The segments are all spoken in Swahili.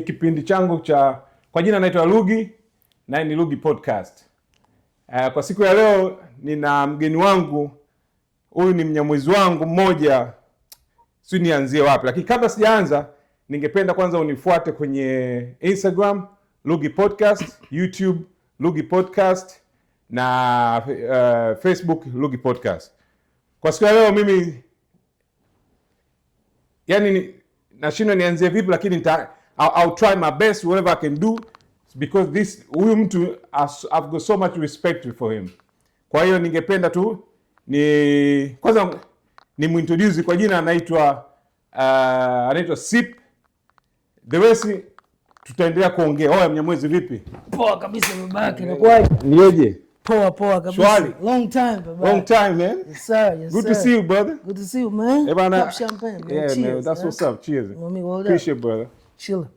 kipindi changu cha kwa jina naitwa Lugi na ni Lugi Podcast. Uh, kwa siku ya leo nina mgeni wangu, huyu ni mnyamwezi wangu mmoja, si nianzie wapi, lakini kabla sijaanza, ningependa kwanza unifuate kwenye Instagram Lugi Podcast, YouTube Lugi Podcast na uh, Facebook Lugi Podcast. Kwa siku ya leo mimi yani nashindwa nianzie vipi, lakini nita I'll, I'll try my best whatever I can do because this huyu mtu I've got so much respect for him. Kwa hiyo ningependa tu ni kwanza ni muintroduce kwa jina anaitwa uh, anaitwa Sip. The rest tutaendelea kuongea. Oya Mnyamwezi, vipi? Poa kabisa baba yake. Inakuwaje? Nioje? Poa poa kabisa. Shwari. Long time baba. Long time man. Yes sir. Yes, Good sir. to see you brother. Good to see you man. Eh bana. Champagne. Yeah, man. That's man. what's up. Cheers. Mommy, well Appreciate brother. Chill.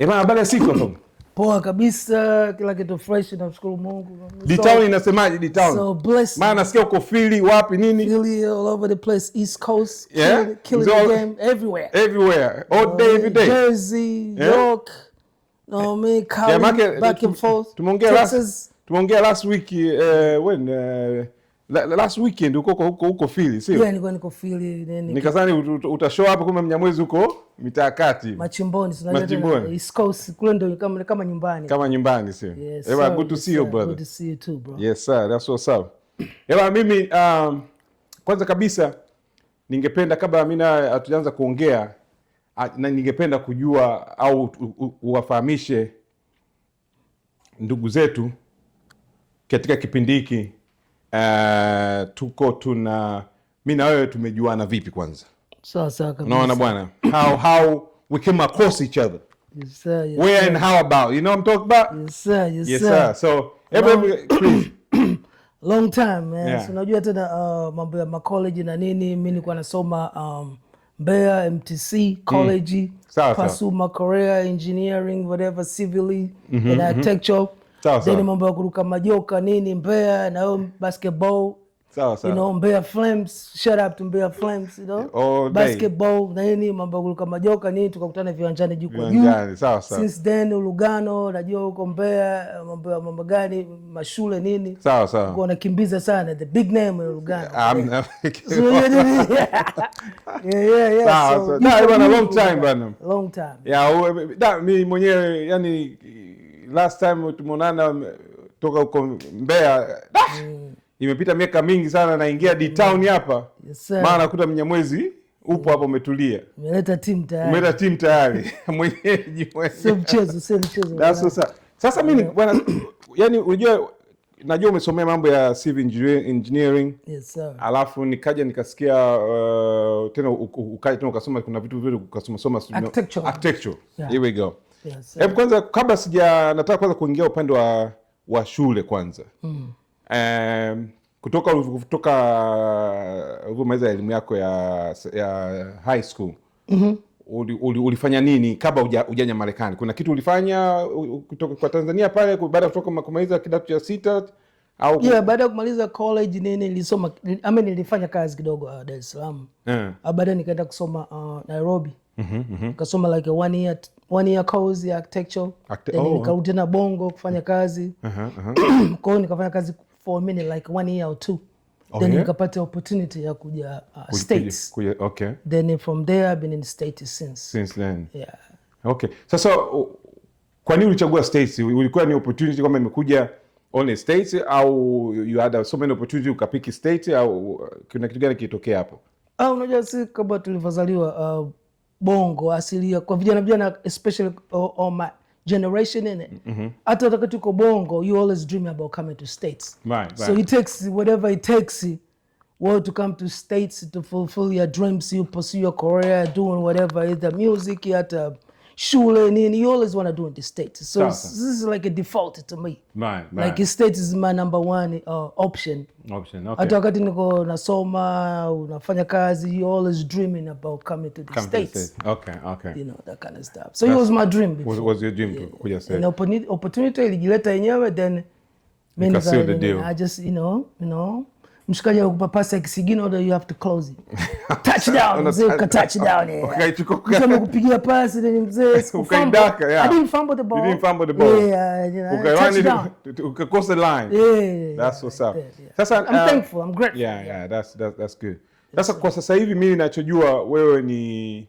Ebana, habari ya siku hapo? Poa kabisa, kila kitu fresh, namshukuru Mungu. D-Town inasemaje D-Town? So blessed. Maana nasikia uko Philly, wapi nini? Philly all over the place, East Coast, yeah. Killing, the game everywhere. Everywhere. All day every day. Jersey, yeah. York. No, me, Cali, yeah, back and forth. Tumeongea last, tumeongea last week uh, when uh, last weekend uko uko huko huko Philly sio? Yeah, nilikuwa niko Philly. Nini? Nikadhani utashow hapa kumbe Mnyamwezi huko mitaa kati. Machimboni tunajua. Machimboni. East Coast kule ndio kama kama nyumbani. Kama nyumbani sio? Yes, Ewa, good to see you brother. Good to see you too bro. Yes sir, that's what's up. Ewa, mimi um, kwanza kabisa ningependa kabla mimi na hatujaanza kuongea na ningependa kujua au uwafahamishe ndugu zetu katika kipindi hiki Eh, tuko tuna mi na wewe tumejuana vipi kwanza? Sasa kabisa, unaona bwana, how how we came across each other yes, sir, yes, where sir. and how about you know what I'm talking about yes sir yes, yes sir. sir so every long time man yeah. so unajua tena uh, mambo ya college na nini, mimi nilikuwa nasoma um, Mbeya MTC mm. college mm. Pasuma Korea engineering whatever civilly mm -hmm, and mm-hmm. architecture mm -hmm then mambo ya kuruka majoka nini Mbeya na yo basketball Sawa sawa. You know, Mbeya Flames, shout out to Mbeya Flames, you know. All basketball na nini mambo ya kuruka majoka nini tukakutana viwanjani juu kwa juu. Sawa sawa. Since then Lugano, najua huko Mbeya mambo ya mambo gani mashule nini. Sawa sawa. Kwa nakimbiza sana the big name ya Lugano. Ah, I'm Yeah yeah yeah. Sawa sawa. Na bwana long time bwana. Long time. Yeah, mimi mwenyewe yani last time tumeonana eh, toka huko Mbeya mm. Imepita miaka mingi sana, naingia D Town hapa yes, maana nakuta Mnyamwezi upo hapo, umetulia, umeleta timu tayari, umeleta timu tayari mwenyeji, sio mchezo, sio mchezo. Sasa sasa mimi bwana, yani unajua, najua umesomea mambo ya civil engineering yes, sir. Alafu nikaja nikasikia uh, tena ukaja tena ukasoma, kuna vitu vyote ukasoma soma architecture, architecture. Yeah. Here we go yes. Hebu kwanza kabla sija nataka kwanza kuingia upande wa, wa shule kwanza mm. Um, kutoka kutoka uh, ulivyomaliza elimu yako ya, ya high school mm -hmm. Uli, uli, ulifanya nini kabla ujanya Marekani? Kuna kitu ulifanya kutoka kwa Tanzania pale baada ya kutoka kumaliza kidato cha sita au yeah, baada ya kumaliza college nini nilisoma ama nilifanya kazi kidogo uh, Dar es Salaam yeah. Eh. Baadaye nikaenda kusoma uh, Nairobi mm -hmm, mm -hmm. Kasoma like a one year one year course ya architecture Acti oh. Nikarudi tena Bongo kufanya uh-huh. kazi uh -huh, uh -huh. Kwa hiyo nikafanya kazi for a minute like one year or two oh, then yeah. Nikapata opportunity ya kuja uh, kuj States kuj kuja, okay. Then from there I've been in States since since then yeah. Okay, sasa kwa nini ulichagua States? Ulikuwa ni opportunity kwamba imekuja only States au you had so many opportunity ukapiki State au uh, kuna kitu gani kilitokea hapo? Ah, unajua si kama tulivyozaliwa uh, bongo asilia kwa vijana vijana especially on my generation in it mm-hmm. hata wakati uko bongo you always dream about coming to states right, right. so it takes whatever it takes well to come to states to fulfill your dreams you pursue your career doing whatever either music hata shule nini, you always wanna do in the state. So this is like a default to me. Right, right. Like state is my number one uh, option. Option, okay. Hata wakati niko nasoma, unafanya kazi, you always dreaming about coming to the Come States. To the state. Okay, okay. You know, that kind of stuff. So That's, it was my dream before. Was, was your dream yeah. kuja state. And opportunity, opportunity ilijileta yenyewe then, mimi I just, you know, you know, mshikaji anakupapasa kisigino order you have to close it. Touchdown mzee, uka touchdown eh, ukaichukua amekupigia pasi ni mzee, ukaidaka yeah, I didn't fumble the ball, you didn't fumble the ball, yeah, yeah, ukaiwani ukakosa line yeah, that's what's up. Sasa I'm uh, thankful, I'm grateful. Yeah, yeah, that's that's that's good. Sasa kwa sasa hivi mimi ninachojua wewe ni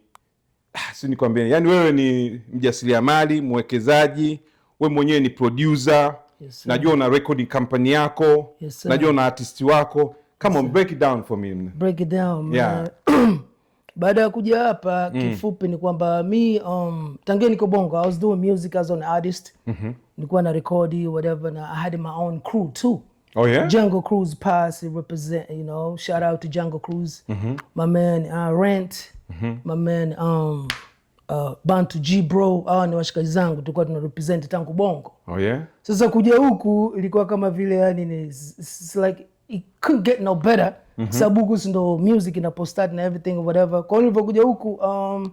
ah, si nikwambie, yani wewe ni mjasiriamali, mwekezaji, wewe mwenyewe ni producer yes, najua una recording company yako yes, najua una artisti wako Come yes, on, break it down for me. Break it down. Yeah. Baada ya kuja hapa mm. Kifupi ni kwamba mi um, tangia niko Bongo I was doing music as an artist mm -hmm. Nilikuwa na rekodi whatever na I had my own crew too. Oh, yeah? Jungle Cruise Pass represent, you know, shout out to Jungle Cruise mm -hmm. My man uh, Rent mm -hmm. My man um, uh, Bantu G Bro, hawa ni washikaji zangu tulikuwa tuna represent tangu Bongo. Oh yeah. Sasa kuja huku ilikuwa kama vile yani ni it's like it couldn't get no better mm -hmm. Sababu huku ndo music na postart na everything whatever. Kwa hiyo nilipokuja huku um,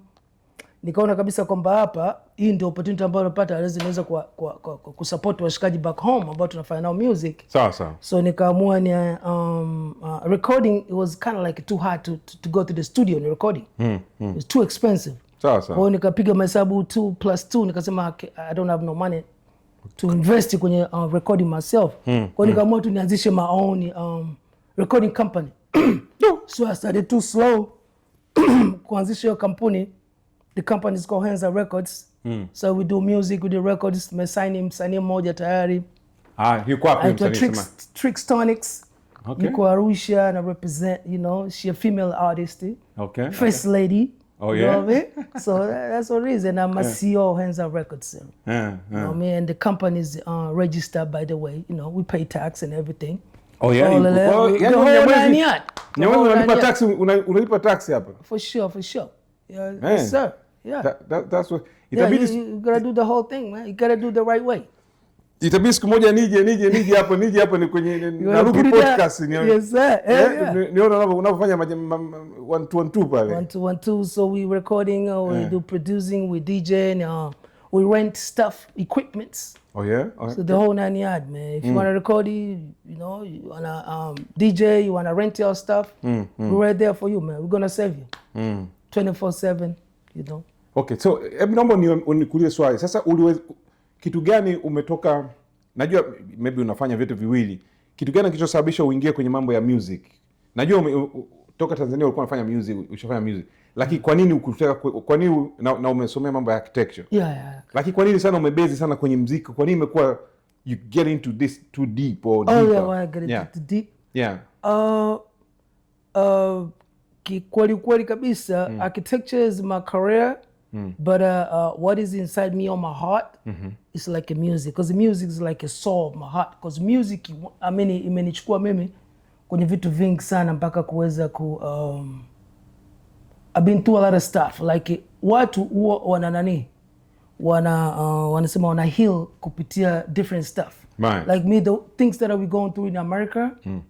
nikaona kabisa kwamba hapa hii ndio opportunity ambayo napata lazima niweza kwa, kwa, kwa, kwa kusupport washikaji back home ambao tunafanya nao music. Sawa sawa. So nikaamua ni um, uh, recording it was kind of like too hard to, to, to go to the studio ni recording. Mm, mm. It's too expensive. Sawa sawa. Kwa nikapiga mahesabu 2 plus 2 nikasema I don't have no money to invest kwenye uh, recording myself. Mm. Kwa hiyo hmm. nikaamua tu nianzishe my own um, recording company. so I started too slow kuanzisha hiyo kampuni. The company is called Henza Records. Mm. So we do music, we do records, tumesaini msanii mmoja tayari. Ah, yuko wapi msanii? Tricks, Tricks Tonics. Okay. Yuko Arusha na represent, you know, she a female artist. Okay. First okay. lady. Oh yeah. You know what I mean? so that's the reason I'm a yeah. CEO Hands Up Records. Yeah, yeah. You know what I mean? And the company's uh, registered, by the way. You know, we pay tax and everything. Oh yeah. All of that. Oh, yeah, the whole nine yard. Nyamwezi tax, unalipa For sure, for sure. Yeah, yes, sir. Yeah. That, that, that's what. yeah, you, you gotta do the whole thing, man. You gotta do the right way. itabidi siku moja nije nije nije hapo nije hapo ni kwenye Naruki podcast ni yes sir eh, yeah, yeah. niona unavyo unavyofanya one two one two pale one two one two so we recording uh, we yeah. do producing we DJ and, uh, we rent stuff equipments oh yeah okay. Oh, so the whole nine yard man if mm. you want to record you know you want to um, DJ you want to rent your stuff mm, mm. we're right there for you man we're gonna save you mm. 24/7 you know okay so hebu naomba unikuulize swali sasa uliweza kitu gani umetoka, najua maybe unafanya vitu viwili, kitu gani kilichosababisha uingie kwenye mambo ya music? Najua ume, u, toka Tanzania ulikuwa unafanya music, ushafanya music lakini kwa nini ukutaka, kwa nini na, na umesomea mambo ya architecture yeah, yeah. Lakini kwa nini sana umebezi sana kwenye mziki? Kwa nini imekuwa you get into this too deep or deeper? Oh, yeah, well, I get yeah. Too deep. Yeah. Uh, uh, kikweli kweli kabisa mm. Architecture is my career Mm. But uh, uh, what is inside me on my heart mm-hmm. is like a music because music is like a soul of my heart because music I mean, imenichukua mimi kwenye vitu vingi sana mpaka kuweza ku um, I've been through a lot of stuff like watu huwa wana nani wana uh, wanasema wana heal kupitia different stuff right. like me the things that we going through in America mm.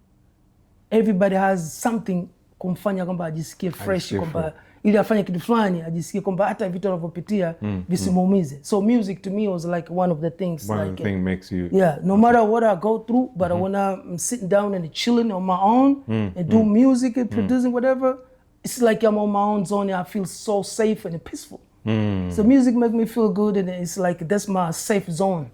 everybody has something kumfanya kwamba ajisikie fresh kwamba ili afanye kitu fulani ajisikie kwamba hata vitu anavyopitia mm, visimuumize. So music to me was like one of the things one like, thing makes you yeah no mm-hmm. matter what I go through but mm -hmm. when I'm sitting down and chilling on my own mm, and do mm, music and mm. producing mm, whatever it's like I'm on my own zone and I feel so safe and peaceful mm. so music make me feel good and it's like that's my safe zone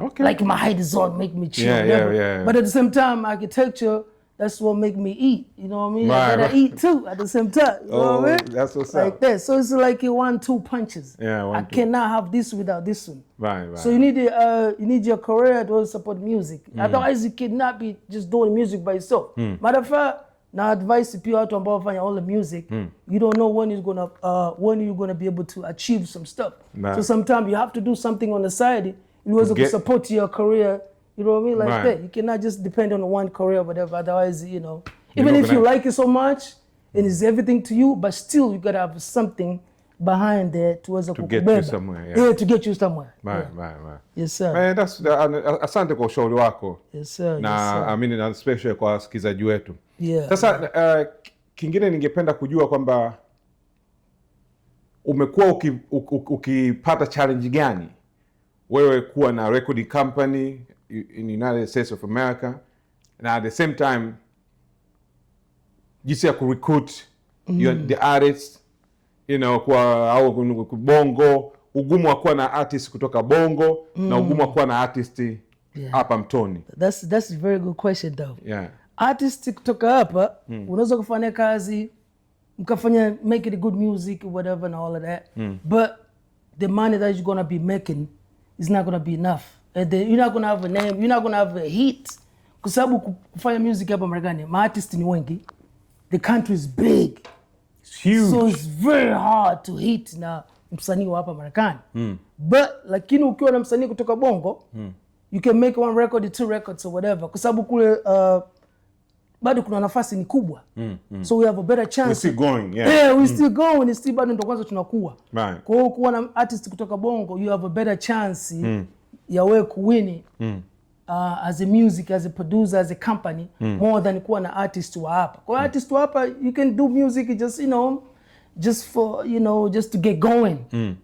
okay like my hide zone make me chill yeah, yeah, yeah, yeah. but at the same time architecture that's what make me eat. You know what I mean? Right, I gotta right. eat too at the same time. You oh, know what I oh, mean? That's what's like up. that. So it's like you want two punches. Yeah, one, I two. cannot have this without this one. Right, right. So you need a, uh, you need your career to also support music. Mm. Otherwise you cannot be just doing music by yourself. Mm. Matter of fact, now advice people to ambao wafanya all the music mm. you don't know when you're gonna uh, when you're gonna be able to achieve some stuff. So sometimes you have to do something on the side in order to support your career You know what I mean? Like right. You cannot just depend on one career, or whatever. Otherwise, you know, even you if you like it so much and it's everything to you, but still you gotta have something behind there towards a to get you somewhere, yeah. Yeah, to get you somewhere. Right, yeah. right, right. Yes, sir. Man, that's, uh, asante kwa ushauri wako. Yes, sir. Na yes, sir. I mean, na special kwa wasikilizaji wetu. Yeah. Sasa uh, kingine ningependa kujua kwamba umekuwa ukipata uki, uki, uki challenge gani wewe kuwa na recording company in the United States of America and at the same time jinsi ya kurecruit mm. your, the artists you know, kwa au kubongo ugumu wa kuwa na artist kutoka bongo mm. na ugumu wa kuwa na artist hapa yeah. Mtoni. That's, that's a very good question though. Yeah. Artist kutoka hapa mm. unaweza kufanya kazi mkafanya make it good music whatever and all of that mm. but the money that you're gonna be making is not gonna be enough and eh, then you're not gonna have a name, you're not gonna have a hit, kwa sababu kufanya music hapa Marekani artist ni wengi, the country is big it's huge. so it's very hard to hit na msanii wa hapa Marekani mm. but lakini ukiwa na msanii kutoka Bongo mm. you can make one record, two records or whatever, kwa sababu kule uh, bado kuna nafasi ni kubwa mm, mm. so we have a better chance. We're still going, yeah. Yeah, we're hmm. still going, We're still bado ndo kwanza tunakuwa right. Kwa hiyo kuwa na artist kutoka Bongo you have a better chance mm ya wewe kuwini mm. Uh, as a music as a producer as a company mm. more than kuwa na artist wa hapa kwa mm. artist wa hapa you can do music just you know just for you know just to get going mm.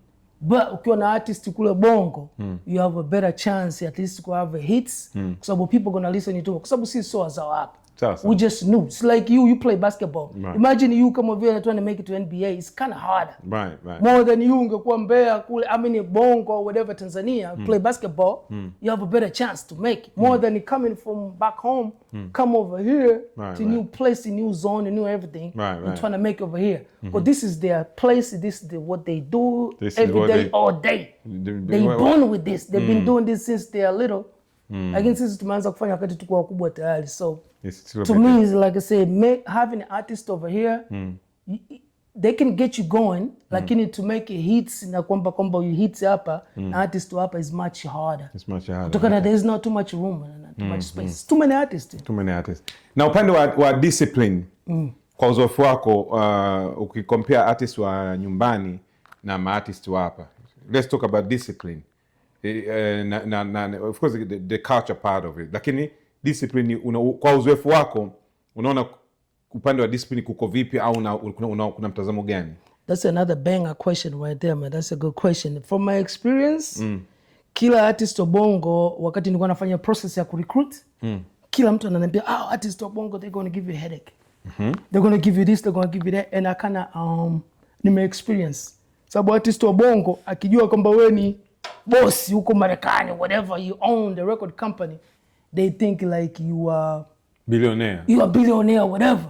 but ukiwa na artist kule bongo mm. you have a better chance at least to have hits mm. kwa sababu people gonna listen to kwa sababu si so wazawa hapa Sasa. We just knew. It's like you, you play basketball. Right. Imagine you come over here trying to make it to NBA. It's kind of harder. Right, right. More than you ungekuwa Mbeya kule, I mean Bongo or whatever Tanzania, mm. play basketball, mm. you have a better chance to make it. More mm. than coming from back home, mm. come over here right, to right. new place, a new zone, a new everything. Right, right. trying to make over here. Mm -hmm. But this is their place, this is the, what they do this every day, they, all day. They, they, they born with this. They've mm. been hmm. doing this since they are little. mm. Lakini sisi tumeanza kufanya wakati tuko wakubwa tayari, so to me is like I say make, having an artist over here mm. they can get you going mm. Lakini to make hits na kwamba kwamba you hits hapa mm. na artist hapa is much harder, it's much harder kutokana yeah. not too much room too mm. much space mm. too many artists, too many artists. Na upande wa, wa discipline mm. kwa uzoefu wako uh, ukikompea artist wa nyumbani na maartist wa hapa, let's talk about discipline Eh, eh, na, na, na, of course the, the culture part of it, lakini discipline una, kwa uzoefu wako unaona upande wa discipline kuko vipi au una, una, una, kuna mtazamo gani? That's another banger question right there man. That's a good question. From my experience mm. Kila artist Obongo wakati nilikuwa nafanya process ya kurecruit mm. Kila mtu ananiambia oh, artist Obongo they're going to give you headache mm -hmm. They're going to give you this, they're going to give you that and I kana um, nime experience sababu artist Obongo akijua kwamba wewe ni bosi huko Marekani, whatever you own the record company, they think like you are billionaire, you are billionaire whatever.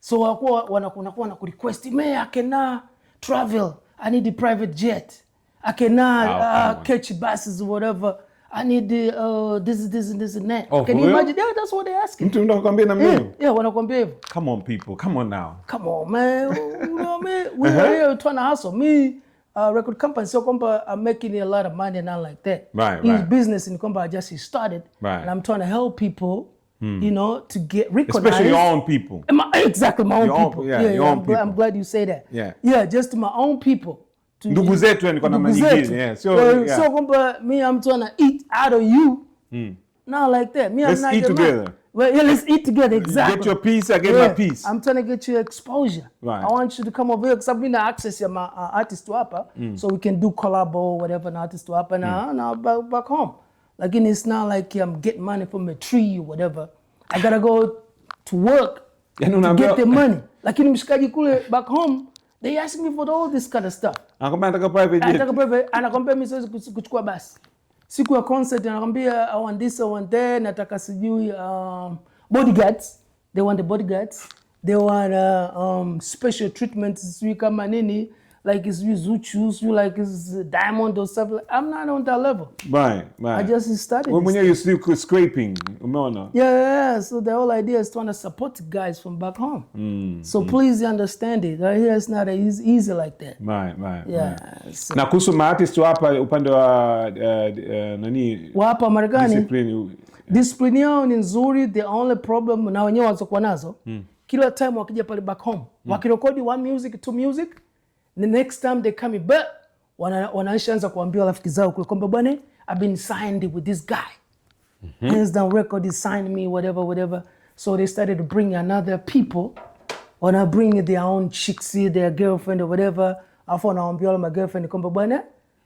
So wanakuwa wanakuwa request me, I cannot travel, I need a private jet, I cannot oh, uh, catch buses whatever I need the, uh, this, this, this and that. Oh, Can you imagine? Yeah, that's what they're asking. Mtu anakuambia na mimi. Yeah, yeah hivyo. Come on people, come on now. Come on man. you know me. We were uh-huh. here trying to hustle. Me uh, record company so kwamba I'm making a lot of money and all like that right, his right. business in kwamba I just started right. and I'm trying to help people Hmm. you know, to get recognized. Especially your own people. My, exactly, my own, own people. Yeah, yeah, yeah I'm, people. Glad, I'm, glad you say that. Yeah, yeah, just my own people. Ndugu zetu yani kwa namna nyingine. Yeah, so well, yeah. so kwamba me I'm trying to eat out of you. Hmm. Not like that. Me, Let's I'm not eat together. Well, yeah, let's eat together. Exactly. You get your piece. I get yeah. my piece. I'm trying to get you exposure. Right. I want you to come over here because I've been access your my uh, artist to upper, uh, mm. so we can do collab or whatever an artist to upper now uh, mm. now back, back home. Like and it's not like I'm um, getting money from a tree or whatever. I gotta go to work yeah, no, to get the money. Lakini mshikaji kule back home they ask me for all this kind of stuff. Anakwambia nataka private jet. Nataka private. Anakwambia mimi siwezi kuchukua basi siku ya concert anakwambia I want this, I want that, nataka sijui um, bodyguards. They want the bodyguards. They want uh, um, special treatment sijui kama nini like it's with Zuchus, you like it's Diamond or stuff. Like, I'm not on that level. Right, right. I just started. when you're still scraping, umeona? Yeah, yeah, yeah. so the whole idea is trying to support guys from back home. Mm, so mm. please understand it. Right here it's not easy, easy like that. Right, right. Yeah. Right. So. Na kuhusu maartist hapa upande wa uh, uh, nani? Wapa hapa Marekani. Discipline. Discipline yao ni nzuri, the only problem na wenyewe walizokuwa nazo. Mm. Kila time wakija pale back home, mm. wakirekodi one music, two music, mm the next time they come back wana, kuambia rafiki zao kule kwamba bwana I've been signed with this guy mm -hmm. hands down record he signed me whatever whatever so they started to bring another people wana bring their own chicks their girlfriend or whatever afu wanaambia wale my girlfriend kwamba bwana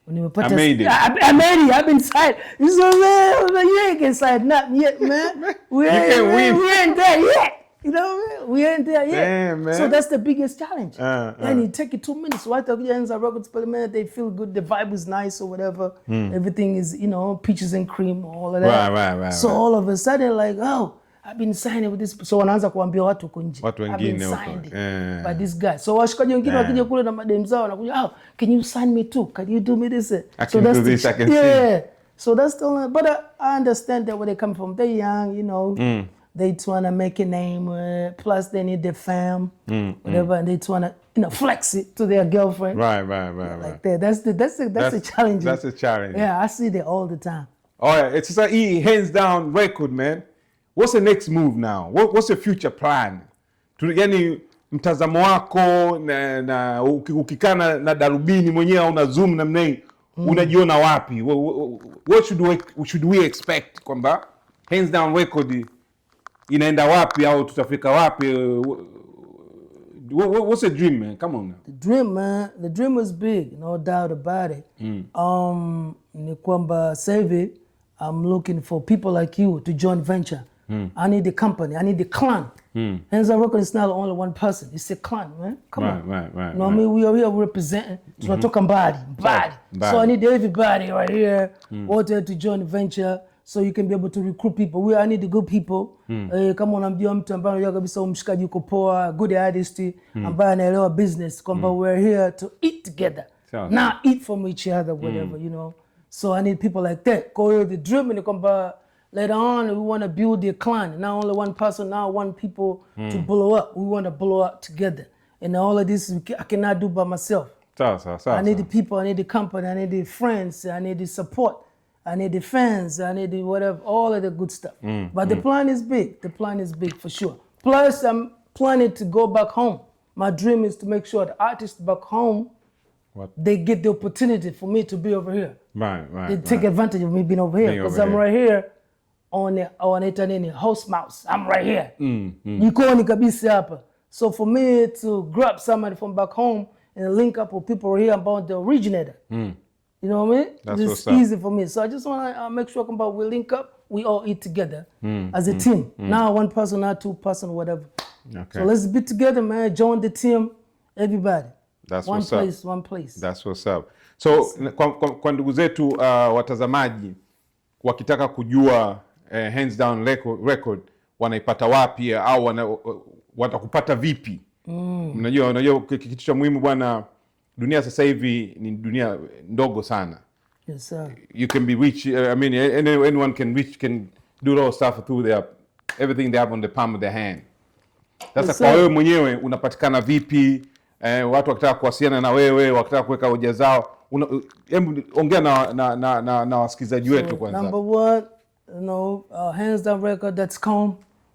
nimepata You know what I mean? We ain't there yet. Damn, man. So that's the biggest challenge. Uh, uh. and uh. it take you two minutes. Why talk ends a record spell minute, they feel good, the vibe is nice or whatever. Mm. Everything is, you know, peaches and cream, all of that. Right, right, right. So right. all of a sudden, like, oh, I've been signing with this. So wanaanza kuambia watu huko nje. Watu wengine huko. Yeah. By this guy. So washikaji wengine yeah. wakija kule na madem zao wanakuja, "Oh, can you sign me too? Can you do me this?" I can so do this, the, I can yeah. See. Yeah. So that's the only, but I, I understand that where they come from. They're young, you know. Mm they trying to make a name. Uh, plus, they need the fam, mm, mm. whatever, mm. and they trying to you know flex it to their girlfriend. Right, right, right, like right. That. That's the that's the, that's, that's a challenge. That's a challenge. Yeah, I see that all the time. All right, it's a e, hands down record, man. What's the next move now? What, what's your future plan? Tu, any mtazamo wako na, na ukikana na, darubini mwenyewe au na zoom namna hii mm. unajiona wapi? what should we, should we expect kwamba hands down record inaenda wapi au tutafika wapi? What's a dream man? Come on now. The dream man, the dream is big, no doubt about it. Mm. Um, ni kwamba sasa I'm looking for people like you to join venture. Mm. I need the company, I need the clan. Mm. Hands Rock is not only one person, it's a clan, man. Come right, on. Right, right, you right. I mean? We are, we representing, mm-hmm. tunatoka mm -hmm. mbali, mbali. So I need everybody right here, mm. to join venture so you can be able to recruit people we I need good people mm. Eh, kama unamjua mtu ambaye unajua kabisa umshikaji uko poa good artist mm. ambaye anaelewa business kwamba mm. we're here to eat together so, not eat from each other hmm. whatever mm. you know so I need people like that kwa the dream ni kwamba later on we want to build a clan not only one person not one people mm. to blow up we want to blow up together and all of this I cannot do by myself sawa sawa sawa I need people I need company I need friends I need support I need defense. I need whatever, all of the good stuff. Mm, but mm. the plan is big. The plan is big for sure. Plus, I'm planning to go back home. My dream is to make sure the artists back home, what? they get the opportunity for me to be over here. Right, right. They take right. advantage of me being over here because I'm here. right here on the on nini house mouse. I'm right here. Mm, mm. Nikoni kabisa So for me to grab somebody from back home and link up with people here about the originator. Mm. You know what I mean? That's it's easy for me. So I just want to uh, make sure about we link up. We all eat together mm, as a mm, team. Mm. Now one person, now two person, whatever. Okay. So let's be together, man. Join the team, everybody. That's one what's place, up. one place. one place. That's what's up. So yes. Kwa, kwa, kwa ndugu zetu uh, watazamaji wakitaka kujua uh, hands down record, record wanaipata wapi au wana, uh, watakupata vipi? Mm. Unajua, unajua kitu cha muhimu bwana dunia sasa hivi ni dunia ndogo sana. Yes, sir. You can be eh, I mean, anyone can reach, can do all stuff through their, everything they have on the palm of their hand. Sasa yes, kwa wewe mwenyewe unapatikana vipi? Eh, watu wakitaka kuwasiliana na wewe, wakitaka kuweka hoja zao, hebu ongea na, na, na, na, na wasikilizaji wetu so, kwanza. Number one, you know, uh, handsdownrecord.com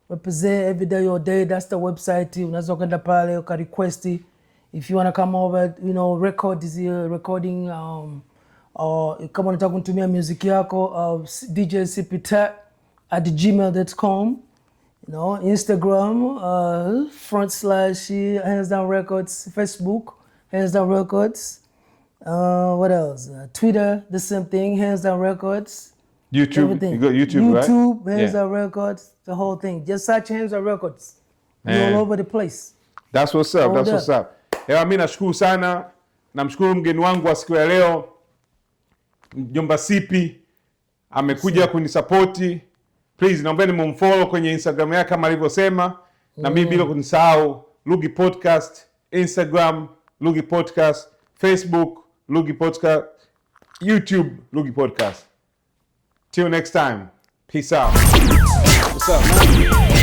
represent every day your day, that's the website. Unaweza kwenda pale ukarequesti if you want to come over you know record the uh, recording um, or talk to me on music yako uh, dj Tech at gmail.com you know instagram uh, front slash hands down records facebook hands down records uh, what else uh, twitter the same thing hands down records youtube everything. you got youtube youtube right? hands yeah. down records the whole thing just search hands down records all over the place that's what's up that's up. what's up Ewa, mimi nashukuru sana, namshukuru mgeni wangu wa siku ya leo mjomba Sipi amekuja kunisapoti. Please naomba mumfollow kwenye Instagram yake kama alivyosema, na mimi mm. bila kunisahau Lugi Podcast, Instagram Lugi Podcast, Facebook Lugi Podcast, YouTube Lugi Podcast. Till next time. Peace out. What's up, man?